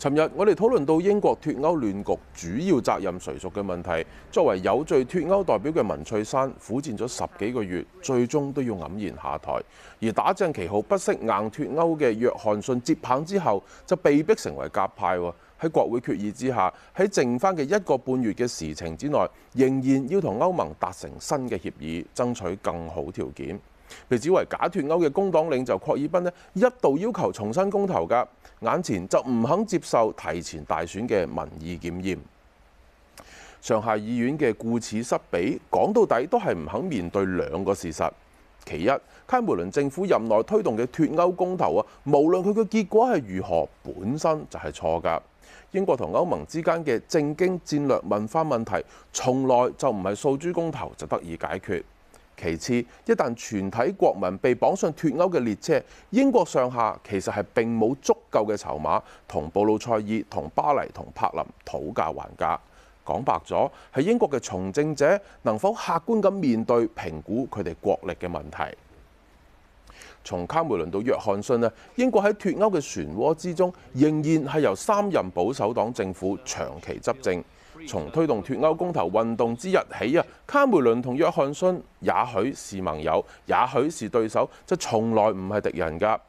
尋日我哋討論到英國脱歐亂局主要責任誰屬嘅問題。作為有罪脱歐代表嘅文翠珊苦戰咗十幾個月，最終都要黯然下台。而打正旗號不惜硬脱歐嘅約翰遜接棒之後，就被逼成為鴿派。喺國會決議之下，喺剩翻嘅一個半月嘅時程之內，仍然要同歐盟達成新嘅協議，爭取更好條件。被指為假脱歐嘅工黨領袖郝爾賓咧，一度要求重新公投嘅，眼前就唔肯接受提前大選嘅民意檢驗。上下議院嘅顧此失彼，講到底都係唔肯面對兩個事實：其一，卡梅倫政府任內推動嘅脱歐公投啊，無論佢嘅結果係如何，本身就係錯嘅。英國同歐盟之間嘅政經戰略文化問題，從來就唔係訴諸公投就得以解決。其次，一旦全體國民被綁上脱歐嘅列車，英國上下其實係並冇足夠嘅籌碼同布魯塞爾、同巴黎、同柏林討價還價，講白咗，係英國嘅從政者能否客觀咁面對評估佢哋國力嘅問題？從卡梅倫到約翰遜咧，英國喺脱歐嘅漩渦之中，仍然係由三任保守黨政府長期執政。從推動脱歐公投運動之日起啊，卡梅倫同約翰遜也許是盟友，也許是對手，就從來唔係敵人噶。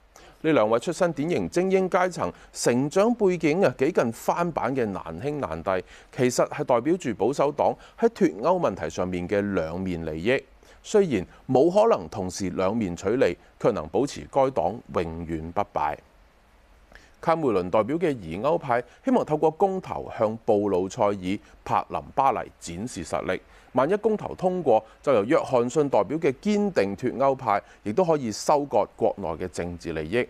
呢兩位出身典型精英階層、成長背景啊幾近翻版嘅難兄難弟，其實係代表住保守黨喺脱歐問題上面嘅兩面利益。雖然冇可能同時兩面取利，卻能保持該黨永遠不敗。卡梅倫代表嘅疑歐派希望透過公投向布魯塞爾、柏林、巴黎展示實力。萬一公投通過，就由約翰遜代表嘅堅定脱歐派，亦都可以收割國內嘅政治利益。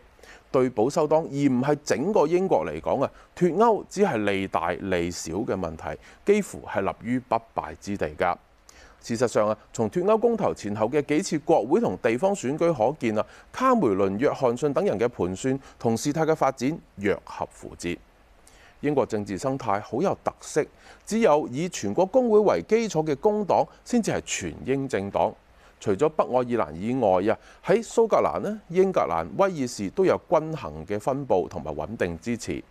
對保守黨而唔係整個英國嚟講啊，脱歐只係利大利小嘅問題，幾乎係立於不敗之地㗎。事實上啊，從脱歐公投前後嘅幾次國會同地方選舉可見啊，卡梅倫、約翰遜等人嘅盤算同事態嘅發展若合符節。英國政治生態好有特色，只有以全國工會為基礎嘅工黨先至係全英政黨。除咗北愛爾蘭以外啊，喺蘇格蘭呢、英格蘭、威爾士都有均衡嘅分佈同埋穩定支持。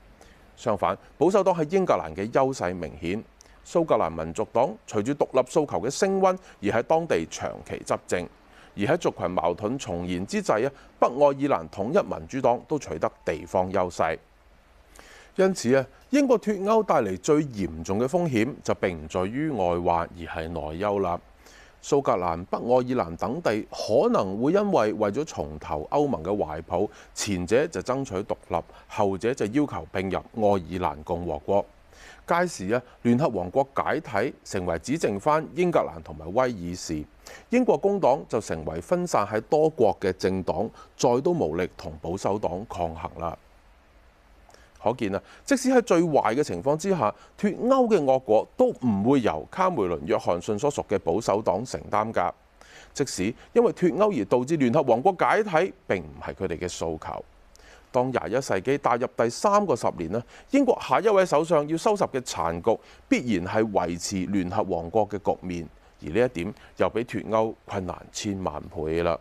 相反，保守黨喺英格蘭嘅優勢明顯。蘇格蘭民族黨隨住獨立訴求嘅升溫而喺當地長期執政，而喺族群矛盾重現之際啊，北愛爾蘭統一民主黨都取得地方優勢。因此啊，英國脱歐帶嚟最嚴重嘅風險就並唔在於外患，而係內憂啦。蘇格蘭、北愛爾蘭等地可能會因為為咗重投歐盟嘅懷抱，前者就爭取獨立，後者就要求並入愛爾蘭共和國。屆時啊，聯合王國解體，成為只剩返英格蘭同埋威爾士，英國工黨就成為分散喺多國嘅政黨，再都無力同保守黨抗衡啦。可見啊，即使喺最壞嘅情況之下，脫歐嘅惡果都唔會由卡梅倫、約翰遜所屬嘅保守黨承擔㗎。即使因為脫歐而導致聯合王國解體，並唔係佢哋嘅訴求。當廿一世紀踏入第三個十年咧，英國下一位首相要收拾嘅殘局，必然係維持聯合王國嘅局面，而呢一點又比脫歐困難千萬倍啦。